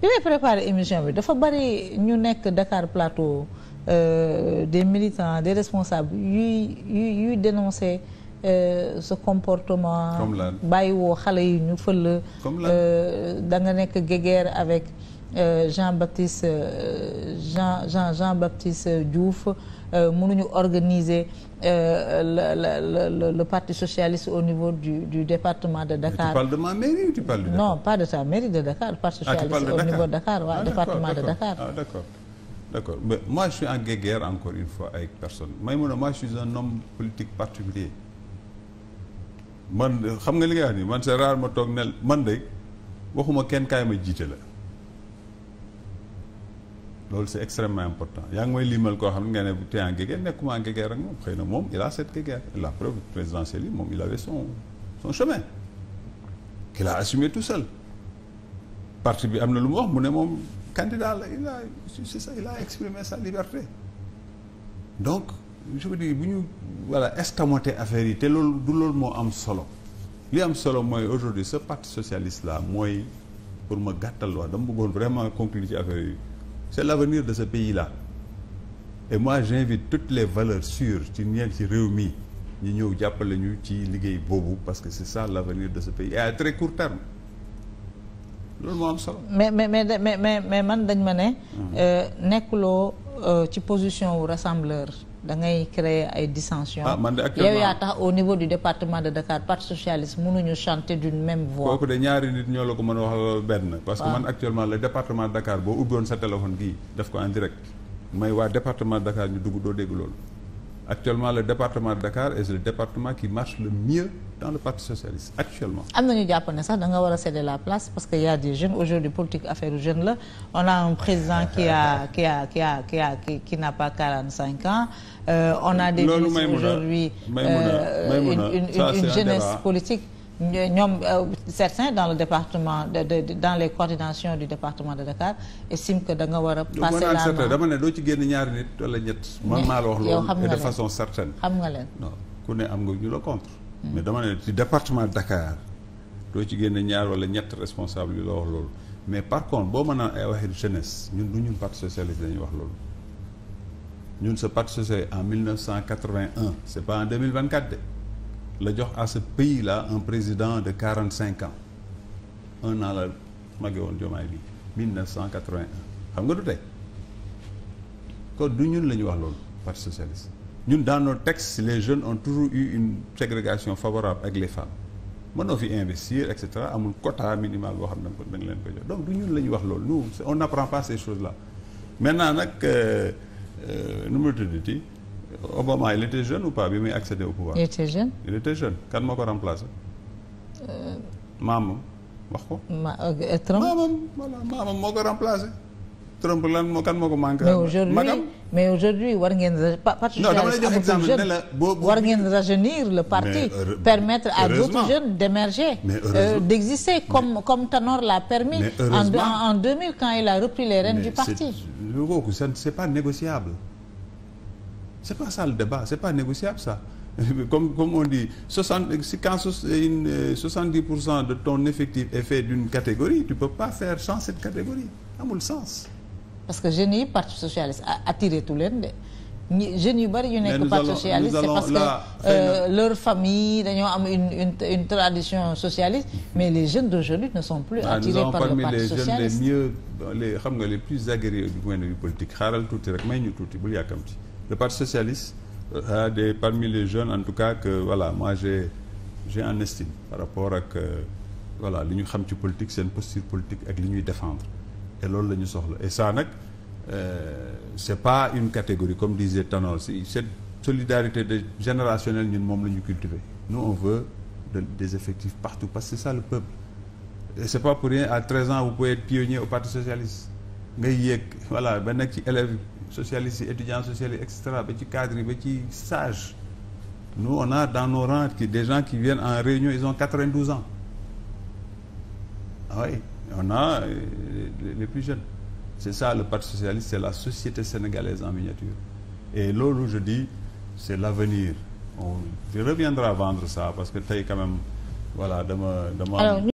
bi may émission bi dafa bari ñu nekk Dakar Plateau euh, des militants des responsables yuy yuy yuy dénoncer euh, ce comportement bàyyiwoo xale yi ñu fël euh, da nga nekk guéguerre avec Euh, Jean-Baptiste euh, Jean Jean Jean-Baptiste Diouf euh, mënuñu organiser la la la le parti socialiste au niveau du du département de Dakar. parti ah, socialiste au niveau de Dakar waaw ah, département de Dakar. ah d'accord d'accord mais moi je suis en guerre encore une fois avec personne Maïmouna moi je suis un homme politique particulier man xam nga li nga wax man c'est rare ma toog ne man de waxuma kenn kaay ma jiite la. loolu c' est extrêmement important yaa ngi mooy limal koo xam ne nga ne bu tee en guéguerre nekkuma en ak moom xëy na moom il a cette guéguerre la preuve présidentielle yi moom il avait son son chemin qu'il a assumé tout seul parti bi am na lu mu wax mu ne moom candidat la il a c'est ça il a exprimé sa liberté donc je veux dire bu ñu voilà escamoté affaire yi te loolu du loolu moo am solo li am solo mooy aujourd'hui ce parti socialiste laa mooy pour ma gàttal waa bëggoon vraiment conclure ci yi c'est l'avenir de ce pays-là et moi j'invite toutes les valeurs sûres ci ñeel ci réew mi ñu ñëw jàppale ñu ci liggéey boobu parce que c'est ça l'avenir de ce pays et à très court terme loolu moo am solo. mais mais mais mais mais man dañ ma ne. Euh, nekkuloo euh, ci position wu rassembleur. da ngay créer ay dissensions. ah man de actuellement yow yaa tax au niveau du département de Dakar parti socialiste mënuñu chanter d'une même voix. kooku de ñaari nit ñoo la ko mën a wax benn. parce que man actuellement la département de Dakar boo ubbi woon sa téléphone kii def ko en direct. may waa département de Dakar ñu dugg doo dégg lool actuellement le département de Dakar est le département qui marche le mieux dans le parti socialiste actuellement. am na ñu jàpp a céder la place parce que y' a des jeunes aujourd'hui politique affaire jeune la on a un président qui a qui a qui a qui a qui, n'a pas quarante cinq ans. Euh, on a des. loolu euh, une jeunesse politique. ñoom euh, certains dans le département de, de, de dans département de Dakar estiment que da nga war a. passer la certain dama ne doo ci génne ñaari nit wala ñett. man maa la wax loolu et de façon certaine. xam nga leen non ku ne am nga ñu la contre. Hmm. mais dama ne ci département Dakar doo ci génne ñaar wala ñett responsable yu la wax loolu mais par contre boo mën a ay waxee jeunesse ñun du ñun parti socialiste dañuy wax loolu. ñun sa parti socialiste en 1981 c'est pas en 2024 de. la jox à ce pays la un président de quarante cinq ans un an la mage woon Diomaye bi mille neuf cent quatre vingt xam nga du tey kon du ñuun la ñu wax loolu parti socialiste ñun dans nos textes les jeunes ont toujours eu une ségrégation favorable ak les femmes mënoo fi investir et cetera amul quota minimal boo xam ne da nga leen ko jox donc du ñun la ñu wax loolu nous on n'apprend pas ces choses là maintenant nag euh, euh, nu mu Obama il était jeune ou pas bi muy au pouvoir. il était jeune. il était jeune kan moo ko remplacé. Euh, maamam wax ko. ma euh, Trump maamam voilà maamam moo ko remplacé. Trump lan moo kan ma ko manqué. mais aujourd'hui mais aujourd'hui war ngeen parti jeune war ngeen rajeunir le parti. permettre à d'autres jeunes d'émerger euh, d'exister comme comme Tanor l'a permis. en en 2000 quand il a repris les rênes du parti. c'est pas négociable. c'est pas ça le débat c'est pas négociable ça comme comme on dit soixante si quand soixante-dix pour cent de ton effective est fait d'une catégorie tu peux pas faire sans cette catégorie amul sens. parce que jeunes yi parti socialiste attiré tu leen de ñi jeunes yu bari yu nekk parti socialiste c'est parce là, que euh, leur famille dañoo am une une une tradition socialiste mais les jeunes d'aujourd'hui ne sont plus. Ah, attirés par le parti socialiste les jeunes xam nga les plus aguerris du point de rek may ñu tuuti bul yàkkamti. le Parti socialiste a euh, des parmi les jeunes en tout cas que voilà moi j'ai j'ai en estime par rapport ak euh, voilà li ñu xam ci politique seen posture politique ak li ñuy défendre et loolu la ñu soxla et ça nag euh, c'est pas une catégorie comme disait Tanor si cette solidarité de générationnelle ñun moom la ñu cultiver nous on veut de, des effectifs partout parce que c'est ça le peuple et c'est pas pour rien à 13 ans vous pouvez être pionnier au Parti socialiste ngay yéeg voilà ba nekk ci élève socialistes yi étudiants socialistes et ba ci cadre yi ba ci sage nous on a dans nos rangs qui des gens qui viennent en réunion ils ont quatre-vingt-douze ans ah on a euh, les plus jeunes c'est ça le parti socialiste c'est la société sénégalaise en miniature et loolu je dis c'est l'avenir on reviendra vendre ça parce que tey quand même voilà dama dama